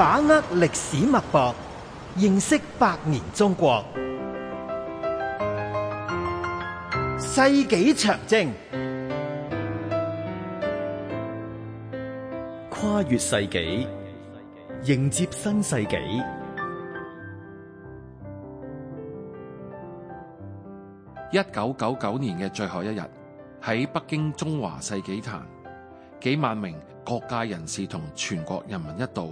《把握歷史脈搏，認識百年中國，世紀長征，跨越世紀，迎接新世紀。一九九九年嘅最後一日，喺北京中華世紀壇，幾萬名各界人士同全國人民一道。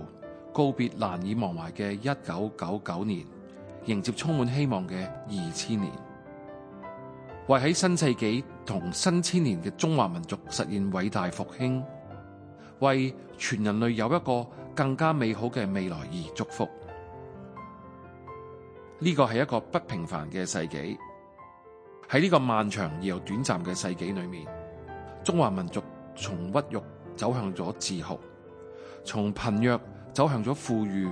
告別難以忘懷嘅一九九九年，迎接充滿希望嘅二千年，為喺新世紀同新千年嘅中華民族實現偉大復興，為全人類有一個更加美好嘅未來而祝福。呢個係一個不平凡嘅世紀，喺呢個漫長而又短暫嘅世紀裏面，中華民族從屈辱走向咗自豪，從貧弱。走向咗富裕，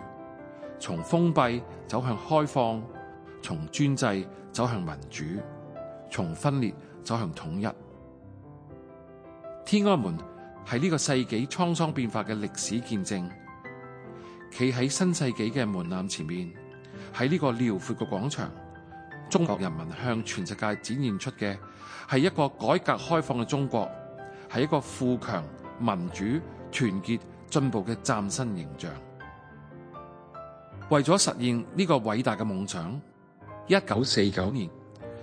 從封閉走向開放，從專制走向民主，從分裂走向統一。天安門係呢個世紀滄桑變化嘅歷史見證。企喺新世紀嘅門檻前面，喺呢個遼闊嘅廣場，中國人民向全世界展現出嘅係一個改革開放嘅中國，係一個富強、民主、團結。進步嘅嶄新形象，為咗實現呢個偉大嘅夢想，一九四九年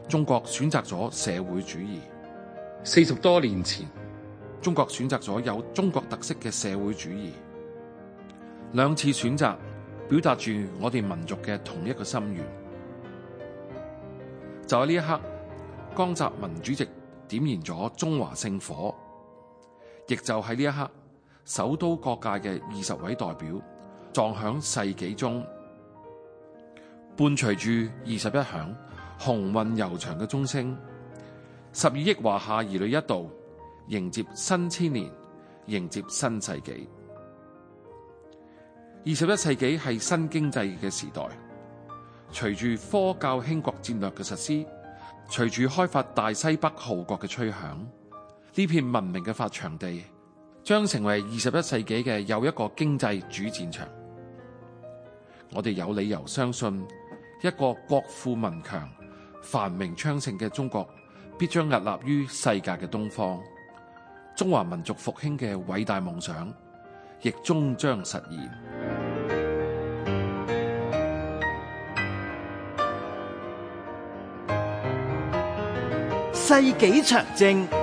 中國選擇咗社會主義。四十多年前，中國選擇咗有中國特色嘅社,社會主義。兩次選擇表達住我哋民族嘅同一個心願。就喺呢一刻，江澤民主席點燃咗中華聖火，亦就喺呢一刻。首都各界嘅二十位代表撞響世紀鐘，伴隨住二十一響雄渾悠長嘅鐘聲，十二億華夏兒女一道迎接新千年，迎接新世紀。二十一世紀係新經濟嘅時代，隨住科教興國戰略嘅實施，隨住開發大西北號角嘅吹響，呢片文明嘅發祥地。將成為二十一世紀嘅又一個經濟主戰場。我哋有理由相信，一個國富民強、繁榮昌盛嘅中國，必將屹立於世界嘅東方。中華民族復興嘅偉大夢想，亦終將實現。世紀長征。